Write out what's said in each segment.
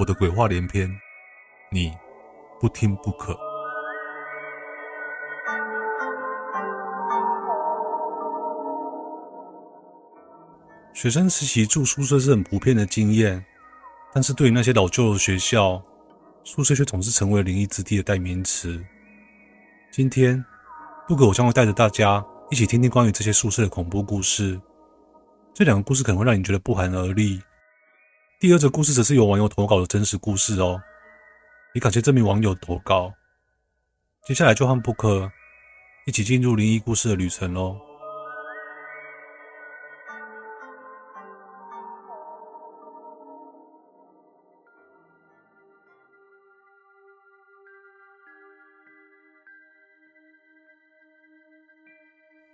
我的鬼話連篇，你不聽不可。學生時期住宿舍是很普遍的經驗，但是對於那些老舊的學校，宿舍卻總是成為靈異之地的代名詞。今天，Book 我將會帶着大家一起聽聽關於這些宿舍的恐怖故事。這兩個故事可能會讓你覺得不寒而慄。第二則故事則是由網友投稿的真實故事哦，也感謝這名網友投稿。接下來就和布克一起進入靈異故事的旅程嘍。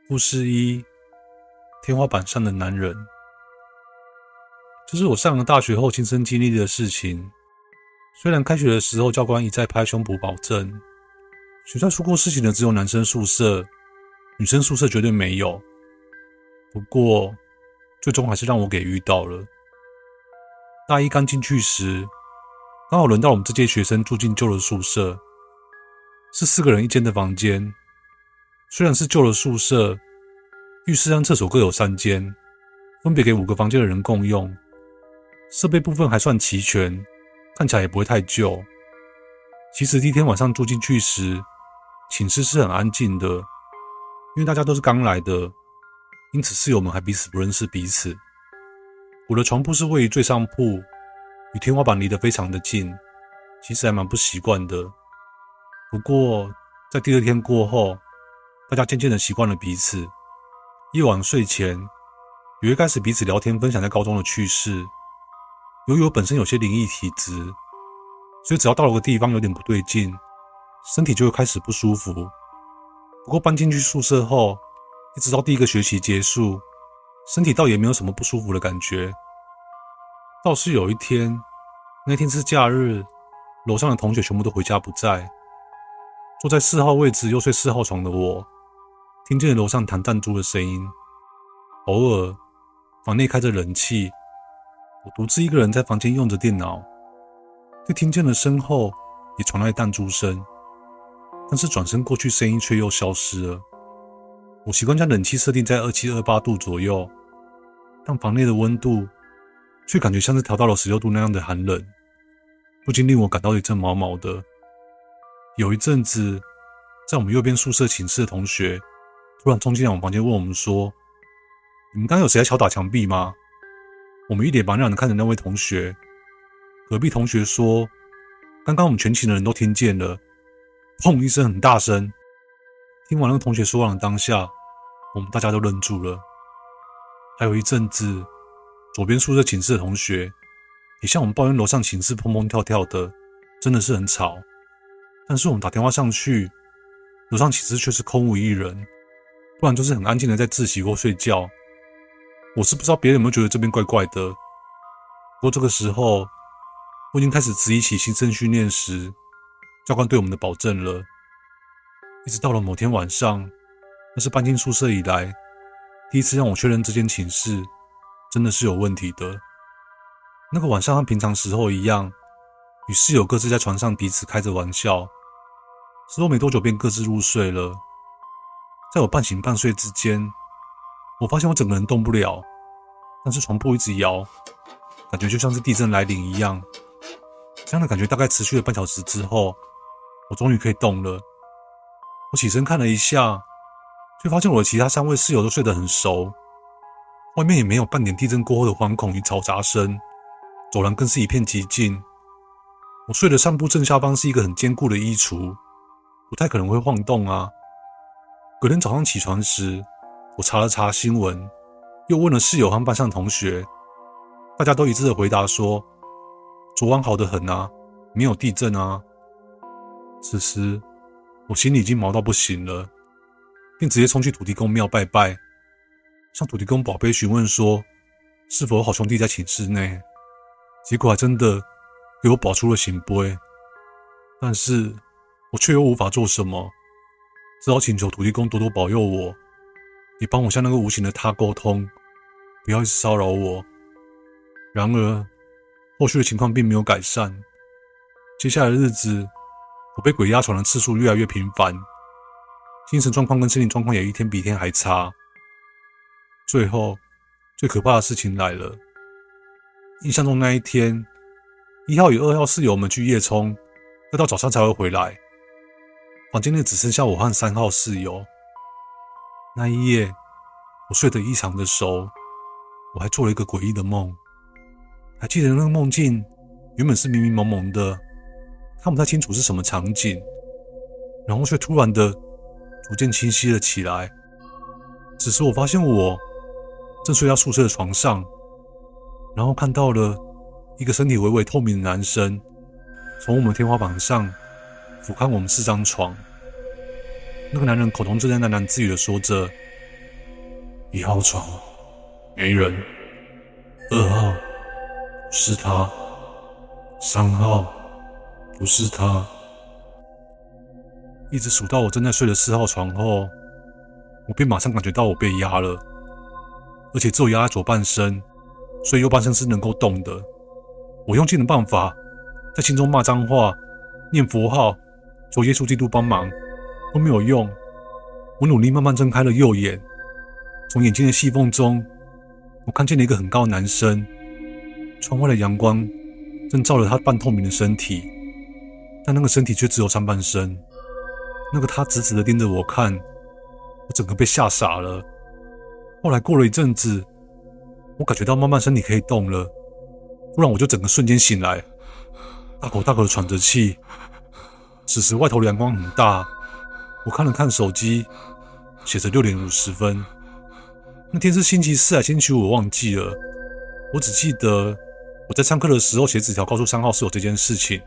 故事一：天花板上的男人。這是我上了大學後親身經歷的事情。雖然開學的時候教官一再拍胸脯保證，學校出過事情的只有男生宿舍，女生宿舍絕對沒有。不過，最終還是讓我給遇到了。大一剛進去時，剛好輪到我們這屆學生住進舊的宿舍，是四個人一間的房間。雖然是舊的宿舍，浴室和廁所各有三間，分別給五個房間的人共用。設備部分還算齊全，看起來也不會太舊。其實第一天晚上住進去時，寢室是很安靜的，因為大家都是剛來的，因此室友們還彼此不認識彼此。我的床鋪是位於最上鋪，與天花板離得非常的近，其實還蠻不習慣的。不過在第二天過後，大家漸漸的習慣了彼此。夜晚睡前，也會開始彼此聊天，分享在高中的趣事。由於我本身有些靈異體質，所以只要到了個地方有點不對勁，身體就會開始不舒服。不過搬進去宿舍後，一直到第一個學期結束，身體倒也沒有什麼不舒服的感覺。倒是有一天，那天是假日，樓上的同學全部都回家不在，坐在四號位置又睡四號床的我，聽見了樓上彈彈珠的聲音，偶爾房內開着冷氣。我獨自一個人在房間用着電腦，就聽見了身後也傳來彈珠聲，但是轉身過去，聲音卻又消失了。我習慣將冷氣設定在二七二八度左右，但房內的溫度卻感覺像是調到了十六度那樣的寒冷，不禁令我感到一陣毛毛的。有一陣子，在我們右邊宿舍寢室的同學突然衝進我們房間，問我們說：“你們剛剛有誰在敲打牆壁嗎？”我們一臉茫然的看着那位同學，隔壁同學說：“剛剛我們全寢的人都聽見了，砰一聲很大聲。”聽完那個同學說完的當下，我們大家都愣住了。還有一陣子，左邊宿舍寢室的同學也向我們抱怨樓上寢室砰砰跳跳的，真的是很吵。但是我們打電話上去，樓上寢室卻是空無一人，不然就是很安靜的在自習或睡覺。我是不知道別人有沒有覺得這邊怪怪的，不過這個時候，我已經開始質疑起新生訓練時教官對我們的保證了。一直到了某天晚上，那是搬進宿舍以來第一次讓我確認這間寢室真的是有問題的。那個晚上和平常時候一樣，與室友各自在床上彼此開着玩笑，之後沒多久便各自入睡了。在我半醒半睡之間。我發現我整個人動不了，但是床鋪一直搖，感覺就像是地震來臨一樣。這樣的感覺大概持續了半小時之後，我終於可以動了。我起身看了一下，卻發現我的其他三位室友都睡得很熟，外面也沒有半點地震過後的惶恐與嘈雜聲，走廊更是一片寂靜。我睡的上鋪正下方是一個很堅固的衣櫥，不太可能會晃動啊。隔天早上起床時，我查了查新聞，又問了室友和班上同學，大家都一致的回答說：“昨晚好得很啊，沒有地震啊。”此時我心裡已經毛到不行了，便直接衝去土地公廟拜拜，向土地公寶貝詢問說：“是否有好兄弟在寢室內？”結果還真的給我保出了聖杯，但是我卻又無法做什麼，只好請求土地公多多保佑我。你幫我向那個無形的他溝通，不要一直騷擾我。然而，後續的情況並沒有改善。接下來的日子，我被鬼壓床的次數越來越頻繁，精神狀況跟身體狀況也一天比一天還差。最後，最可怕的事情來了。印象中那一天，一號與二號室友們去夜衝，要到早上才會回來，房間裡只剩下我和三號室友。那一夜，我睡得異常的熟，我還做了一個詭異的夢。還記得那個夢境原本是迷迷濛濛的，看不太清楚是什麼場景，然後卻突然的逐漸清晰了起來。此時我發現我正睡在宿舍的床上，然後看到了一個身體微微透明的男生，從我們天花板上俯瞰我們四張床。那個男人口中正在喃喃自語地說着：“一號床沒人，二號是他，三號不是他。”一直數到我正在睡的四號床後，我便馬上感覺到我被壓了，而且只有壓在左半身，所以右半身是能夠動的。我用盡了辦法，在心中罵髒話、念佛號，求耶穌基督幫忙。都沒有用，我努力慢慢睜開了右眼，從眼睛的細縫中，我看見了一個很高的男生。窗外的陽光正照着他半透明的身體，但那個身體卻只有上半身。那個他直直的盯着我看，我整個被嚇傻了。後來過了一陣子，我感覺到慢慢身體可以動了，突然我就整個瞬間醒來，大口大口的喘着氣。此時外頭的陽光很大。我看了看手機，寫着六點五十分。那天是星期四還是星期五？我忘記了。我只記得我在上課的時候寫紙條告訴三號室友這件事情。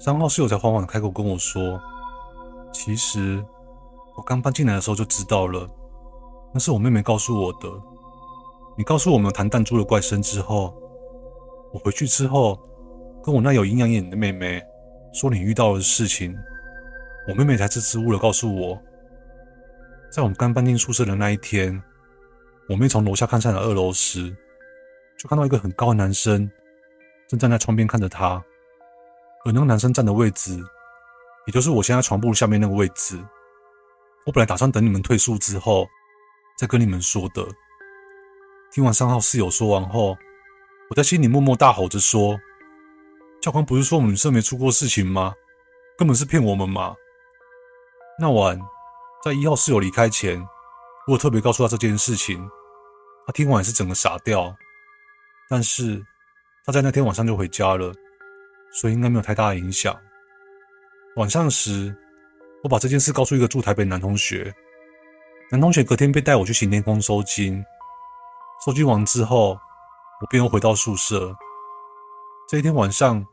三號室友才緩緩開口跟我說：“其實我剛搬進來的時候就知道了，那是我妹妹告訴我的。你告訴我們彈彈珠的怪聲之後，我回去之後跟我那有陰陽眼的妹妹說你遇到的事情。”我妹妹才支支吾吾的告訴我，在我們剛搬進宿舍的那一天，我妹從樓下看上了二樓時，就看到一個很高的男生正站在窗邊看着她，而那個男生站的位置，也就是我現在床鋪下面那個位置。我本來打算等你們退宿之後，再跟你們說的。聽完三號室友說完後，我在心裡默默大吼着說：“教官不是說我們女生沒出過事情嗎？根本是騙我們嘛！”那晚，在一號室友離開前，我特別告訴他這件事情。他聽完是整個傻掉。但是他在那天晚上就回家了，所以應該沒有太大影響。晚上時，我把這件事告訴一個住台北男同學。男同學隔天便帶我去行天宮收金。收金完之後，我便又回到宿舍。這一天晚上，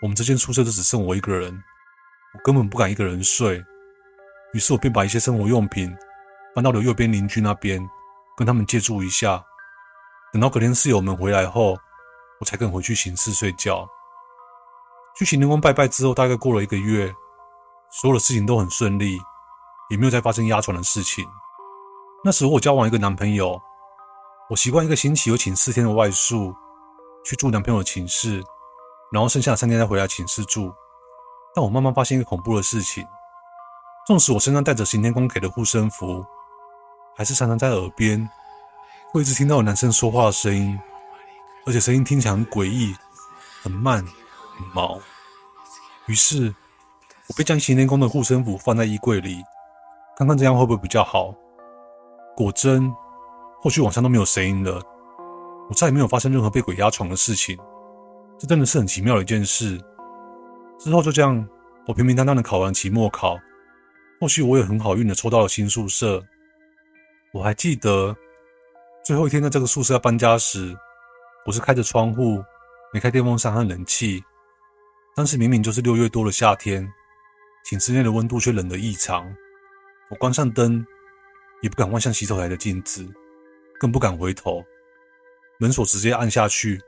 我們這間宿舍就只剩我一個人。我根本不敢一個人睡。於是我便把一些生活用品搬到了右邊鄰居那邊，跟他們借住一下。等到隔天室友們回來後，我才肯回去寢室睡覺。去行天宮拜拜之後，大概過了一個月，所有的事情都很順利，也沒有再發生壓床的事情。那時候我交往一個男朋友，我習慣一個星期有請四天的外宿，去住男朋友的寢室，然後剩下的三天再回來寢室住。但我慢慢發現一個恐怖的事情。縱使我身上帶着行天宮給的護身符，還是常常在耳邊會一直聽到有男生說話的聲音，而且聲音聽起來很詭異、很慢、很毛。於是，我便將行天宮的護身符放在衣櫃裡，看看這樣會不會比較好。果真，後續晚上都沒有聲音了，我再也沒有發生任何被鬼壓床的事情。這真的是很奇妙的一件事。之後就這樣，我平平淡淡的考完期末考。後續我也很好運的抽到了新宿舍，我還記得最後一天在這個宿舍要搬家時，我是開着窗戶，沒開電風扇和冷氣，但是明明就是六月多的夏天，寢室內的溫度卻冷得異常。我關上燈，也不敢望向洗手台的鏡子，更不敢回頭。門鎖直接按下去，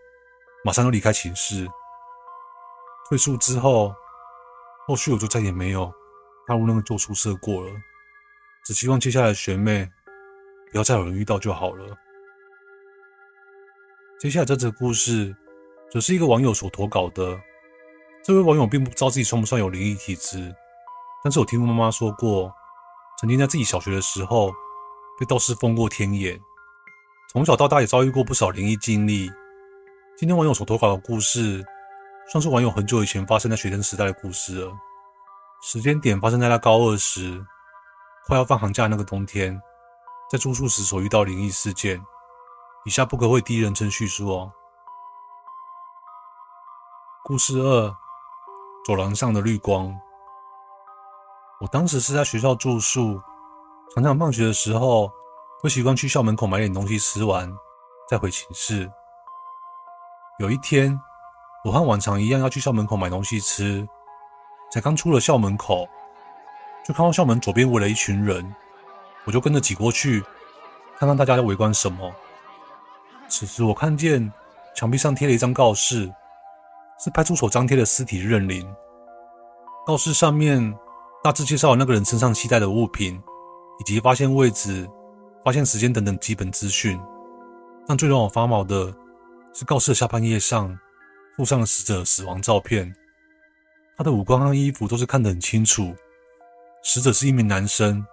馬上要離開寢室。退宿之後，後續我就再也沒有。他入那個舊宿舍過了，只希望接下來的學妹不要再有人遇到就好了。接下來這則故事則是一個網友所投稿的。這位網友並不知道自己算不算有靈異體質，但是我聽我媽媽說過，曾經在自己小學的時候被道士封過天眼，從小到大也遭遇過不少靈異經歷。今天網友所投稿的故事，算是網友很久以前發生在學生時代的故事了。時間點發生在他高二時，快要放寒假那個冬天，在住宿時所遇到靈異事件。以下 Book 我會第一人稱敘述哦。故事二：走廊上的綠光。我當時是在學校住宿，常常放學的時候會習慣去校門口買點東西吃完，再回寢室。有一天，我和往常一樣要去校門口買東西吃。才剛出了校門口，就看到校門左邊圍了一群人，我就跟着擠過去，看看大家在圍觀什麼。此時我看見牆壁上貼了一張告示，是派出所張貼的屍體認領。告示上面大致介紹了那個人身上攜帶的物品，以及發現位置、發現時間等等基本資訊。但最讓我發毛的是告示的下半頁上附上了死者死亡照片。他的五官和衣服都是看得很清楚。死者是一名男生，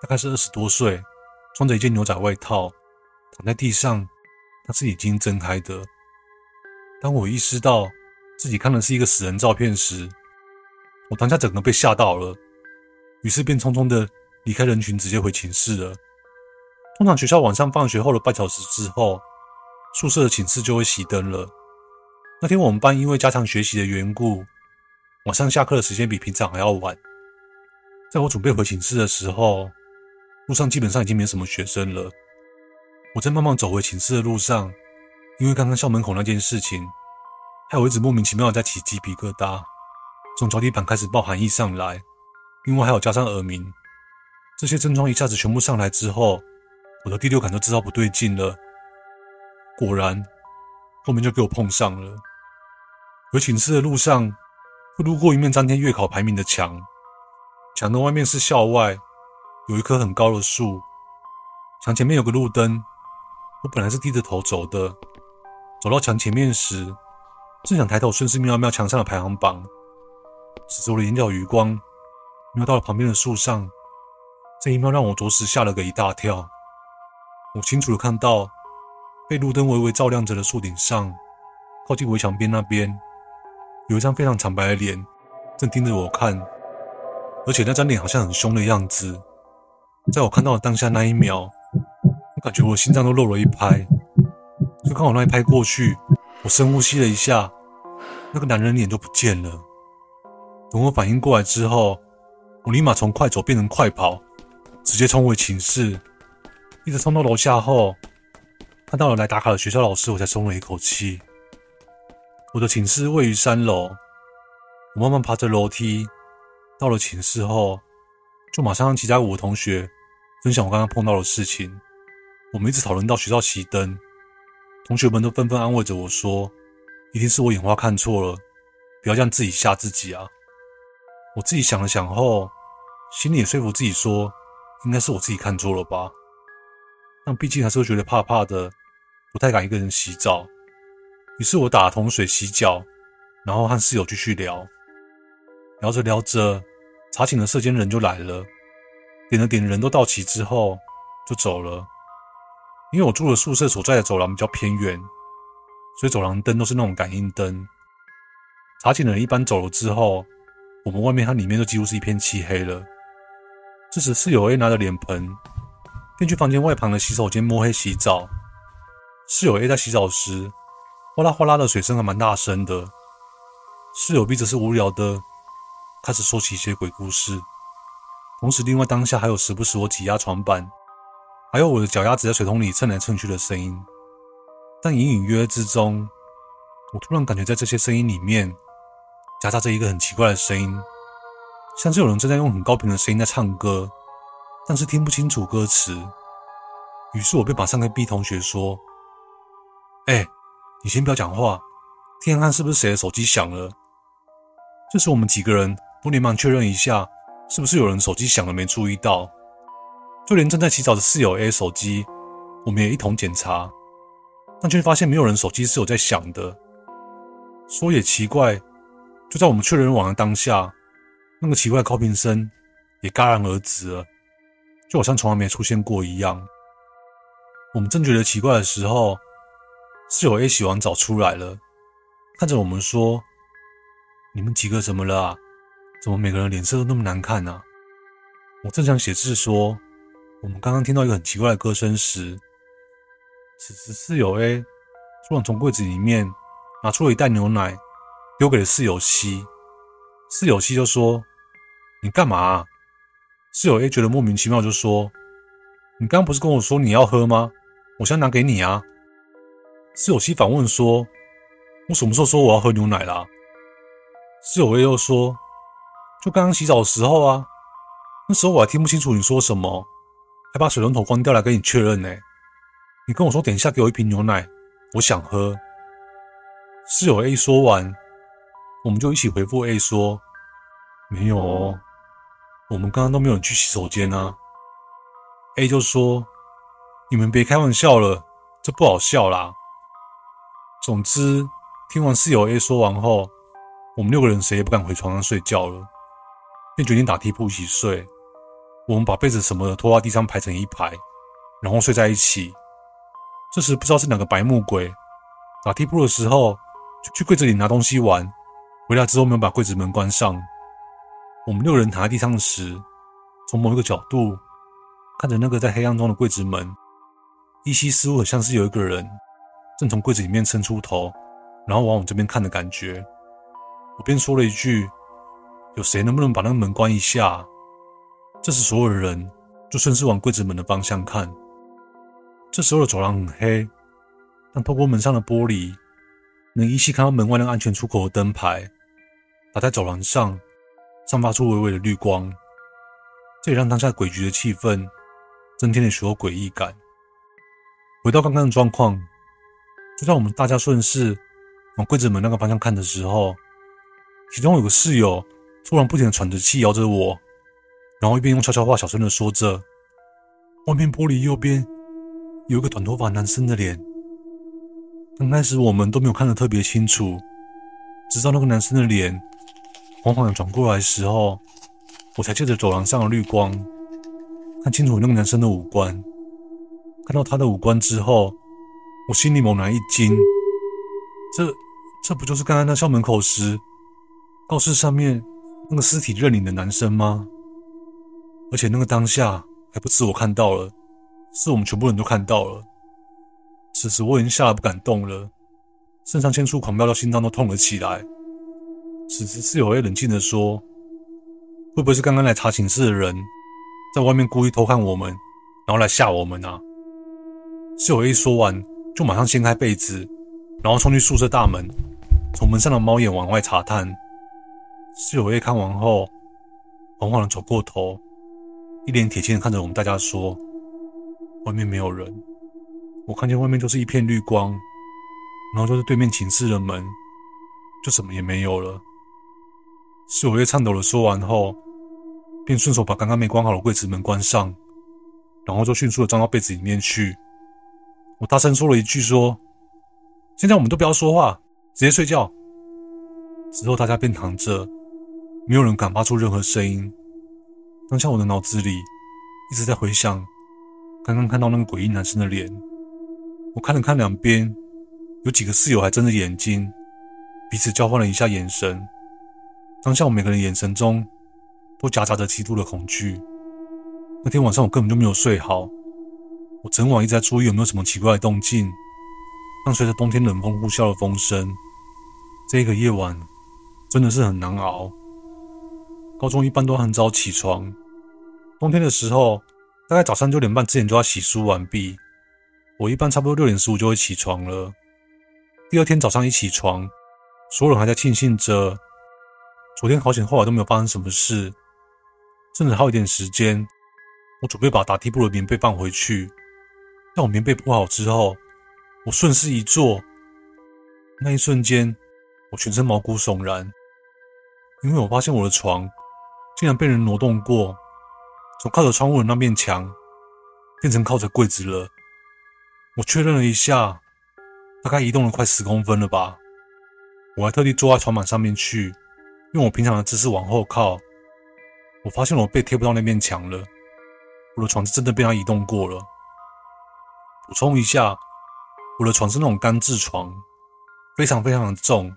大概是二十多歲，穿着一件牛仔外套，躺在地上，他是已經睜開的。當我意識到自己看的是一個死人照片時，我當下整個被嚇到了，於是便匆匆地離開人群，直接回寢室了。通常學校晚上放學後的半小時之後，宿舍的寢室就會熄燈了。那天我們班因為加強學習的緣故。晚上下課的時間比平常還要晚，在我準備回寢室的時候，路上基本上已經沒什麼學生了。我在慢慢走回寢室的路上，因為剛剛校門口那件事情，害我一直莫名其妙的在起雞皮疙瘩，從腳底板開始冒寒意上來，另外還有加上耳鳴，這些症狀一下子全部上來之後，我的第六感都知道不對勁了。果然，後面就給我碰上了。回寢室的路上。路過一面張貼月考排名的牆，牆的外面是校外，有一棵很高的樹。牆前面有個路燈，我本來是低着頭走的，走到牆前面時，正想抬頭順勢瞄一瞄牆上的排行榜，此時我的眼角餘光瞄到了旁邊的樹上，這一幕讓我着實嚇了個一大跳。我清楚的看到，被路燈微微照亮着的樹頂上，靠近圍牆邊那邊。有一張非常慘白的臉，正盯着我看，而且那張臉好像很兇的樣子。在我看到的當下那一秒，我感覺我心臟都漏了一拍。就剛好那一拍過去，我深呼吸了一下，那個男人臉就不見了。等我反應過來之後，我立馬從快走變成快跑，直接衝回寢室，一直衝到樓下後，看到了來打卡的學校老師，我才鬆了一口氣。我的寢室位於三樓，我慢慢爬着樓梯，到了寢室後，就馬上讓其他五個同學分享我剛剛碰到的事情。我們一直討論到學校熄燈，同學們都紛紛安慰着我說：“一定是我眼花看錯了，不要這樣自己嚇自己啊！”我自己想了想後，心裡也說服自己說：“應該是我自己看錯了吧。”但畢竟還是會覺得怕怕的，不太敢一個人洗澡。於是我打桶水洗腳，然後和室友繼續聊。聊着聊着，查寢的舍監人就來了，點了點，人都到齊之後就走了。因為我住的宿舍所在的走廊比較偏遠，所以走廊燈都是那種感應燈。查寢的人一般走了之後，我們外面它裡面就幾乎是一片漆黑了。這時，室友 A 拿着臉盆，便去房間外旁的洗手間摸黑洗澡。室友 A 在洗澡時，嘩啦嘩啦的水聲還蠻大聲的，室友 B 則是無聊的開始說起一些鬼故事。同時，另外當下還有時不時我擠壓床板，還有我的腳丫子在水桶裡蹭來蹭去的聲音。但隱隱約約之中，我突然感覺在這些聲音裡面夾雜着一個很奇怪的聲音，像是有人正在用很高頻的聲音在唱歌，但是聽不清楚歌詞。於是我便馬上跟 B 同學說：“哎、欸。”你先不要講話，聽看看是不是誰的手機響了。這時我們幾個人都連忙確認一下，是不是有人手機響了沒注意到？就連正在洗澡的室友 A 手機，我們也一同檢查，但卻發現沒有人手機是有在響的。說也奇怪，就在我們確認完的當下，那個奇怪高頻聲也戛然而止了，就好像從來沒出現過一樣。我們正覺得奇怪的時候，室友 A 洗完澡出來了，看着我們說：“你們幾個怎麼了啊？怎麼每個人臉色都那麼難看啊？”我正想寫字說我們剛剛聽到一個很奇怪的歌聲時，此時室友 A 突然從櫃子裡面拿出了一袋牛奶，丟給了室友 C。室友 C 就說：“你幹嘛？”室友 A 覺得莫名其妙，就說：“你剛剛不是跟我說你要喝嗎？我先拿給你啊。”室友 C 反問說：“我什麼時候說我要喝牛奶啦？”室友 A 又說：“就剛剛洗澡的時候啊，那時候我還聽不清楚你說什麼，還把水龍頭關掉來跟你確認呢。你跟我說等一下，給我一瓶牛奶，我想喝。”室友 A 說完，我們就一起回復 A 說：“沒有哦，我們剛剛都沒有人去洗手間啊。”A 就說：“你們別開玩笑了，這不好笑啦。”總之，聽完室友 A 說完後，我們六個人誰也不敢回床上睡覺了，便決定打地鋪一起睡。我們把被子什麼的拖到地上排成一排，然後睡在一起。這時，不知道是哪個白目鬼，打地鋪的時候就去櫃子裡拿東西玩，回來之後沒有把櫃子門關上。我們六個人躺在地上時，從某一個角度看着那個在黑暗中的櫃子門，依稀似乎很像是有一個人，正從櫃子裡面伸出頭，然後往我這邊看的感覺，我便說了一句：“有誰能不能把那個門關一下？”這時，所有的人就順勢往櫃子門的方向看。這時候的走廊很黑，但透過門上的玻璃，能依稀看到門外那個安全出口的燈牌，打在走廊上，散發出微微的綠光。這也讓當下詭譎的氣氛增添了許多詭異感。回到剛剛的狀況。就在我們大家順勢往櫃子門那個方向看的時候，其中有個室友突然不停的喘着氣，搖着我，然後一邊用悄悄話小聲地說着：“外面玻璃右邊有一個短頭髮男生的臉。”剛開始我們都沒有看得特別清楚，直到那個男生的臉緩緩的轉過來的時候，我才借着走廊上的綠光看清楚那個男生的五官。看到他的五官之後。我心裡猛然一驚，這、這不就是剛剛在校門口時告示上面那個屍體認領的男生嗎？而且那個當下還不止我看到了，是我們全部人都看到了。此時我已經嚇得不敢動了，腎上腺素狂飆到心臟都痛了起來。此時室友 A 冷靜地說：“會不會是剛剛來查寢室的人，在外面故意偷看我們，然後來嚇我們啊？”室友 A 說完。就馬上掀開被子，然後衝去宿舍大門，從門上的貓眼往外查看。室友葉看完後，緩緩的轉過頭，一臉鐵青的看着我們大家說：“外面沒有人，我看見外面就是一片綠光，然後就是對面寢室的門，就什麼也沒有了。”室友葉顫抖的說完後，便順手把剛剛沒關好的櫃子門關上，然後就迅速的鑽到被子裡面去。我大聲說了一句：“說，現在我們都不要說話，直接睡覺。”之後大家便躺着，沒有人敢發出任何聲音。當下我的腦子裡一直在回想剛剛看到那個詭異男生的臉。我看了看兩邊，有幾個室友還睜着眼睛，彼此交換了一下眼神。當下我每個人眼神中都夾雜着極度的恐懼。那天晚上我根本就沒有睡好。整晚一直在注意有沒有什麼奇怪的動靜，伴隨着冬天冷風呼嘯的風聲，這個夜晚真的是很難熬。高中一般都很早起床，冬天的時候大概早上六點半之前就要洗漱完畢。我一般差不多六點十五就會起床了。第二天早上一起床，所有人還在慶幸着昨天好險，後來都沒有發生什麼事，甚至還有一點時間，我準備把打地鋪的棉被放回去。在我棉被鋪好之後，我順勢一坐。那一瞬間，我全身毛骨悚然，因為我發現我的床竟然被人挪動過，從靠着窗戶的那面牆變成靠着櫃子了。我確認了一下，大概移動了快十公分了吧。我還特地坐在床板上面去，用我平常的姿勢往後靠，我發現我背貼不到那面牆了。我的床是真的被他移動過了。補充一下，我的床是那種鋼製床，非常非常的重，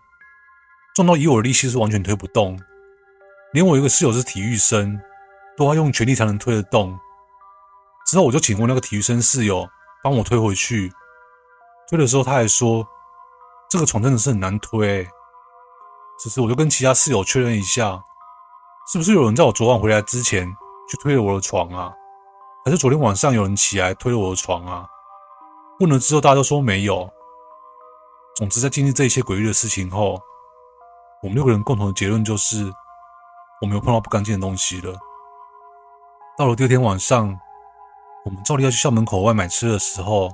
重到以我的力氣是完全推不動，連我一個室友是體育生，都要用全力才能推得動。之後我就請過那個體育生室友幫我推回去，推的時候他還說，這個床真的是很難推欸。此時我就跟其他室友確認一下，是不是有人在我昨晚回來之前去推了我的床啊？還是昨天晚上有人起來推了我的床啊？問了之後，大家都說沒有。總之，在經歷這一切詭異的事情後，我們六個人共同的結論就是，我們又碰到不乾淨的東西了。到了第二天晚上，我們照例要去校門口外買吃的時候，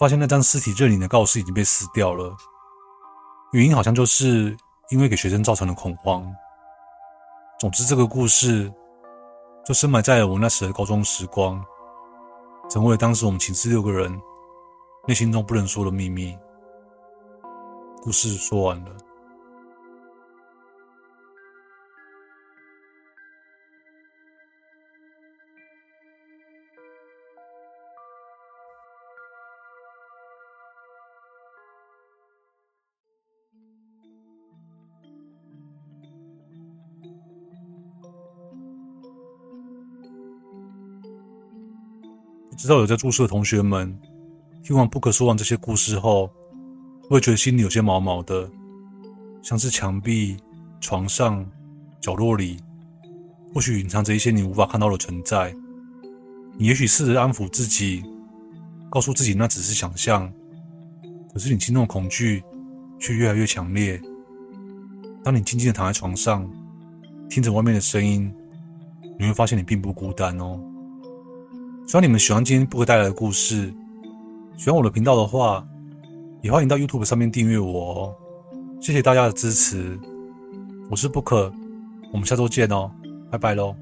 發現那張屍體認領的告示已經被撕掉了，原因好像就是因為給學生造成了恐慌。總之，這個故事就深埋在了我那時的高中時光。成為了當時我們寢室六個人內心中不能說的秘密。故事說完了。知道有在住宿的同學們，聽完 Book 說完這些故事後，會覺得心裡有些毛毛的，像是牆壁、床上、角落裡，或許隱藏着一些你無法看到的存在。你也許試着安撫自己，告訴自己那只是想象，可是你心中的恐懼卻越來越強烈。當你靜靜的躺在床上，聽着外面的聲音，你會發現你並不孤單哦。希望你們喜歡今天 Book 帶來的故事，喜歡我的頻道的話，也歡迎到 YouTube 上面訂閱我哦。謝謝大家的支持，我是 Book，我們下周見哦，拜拜嘍。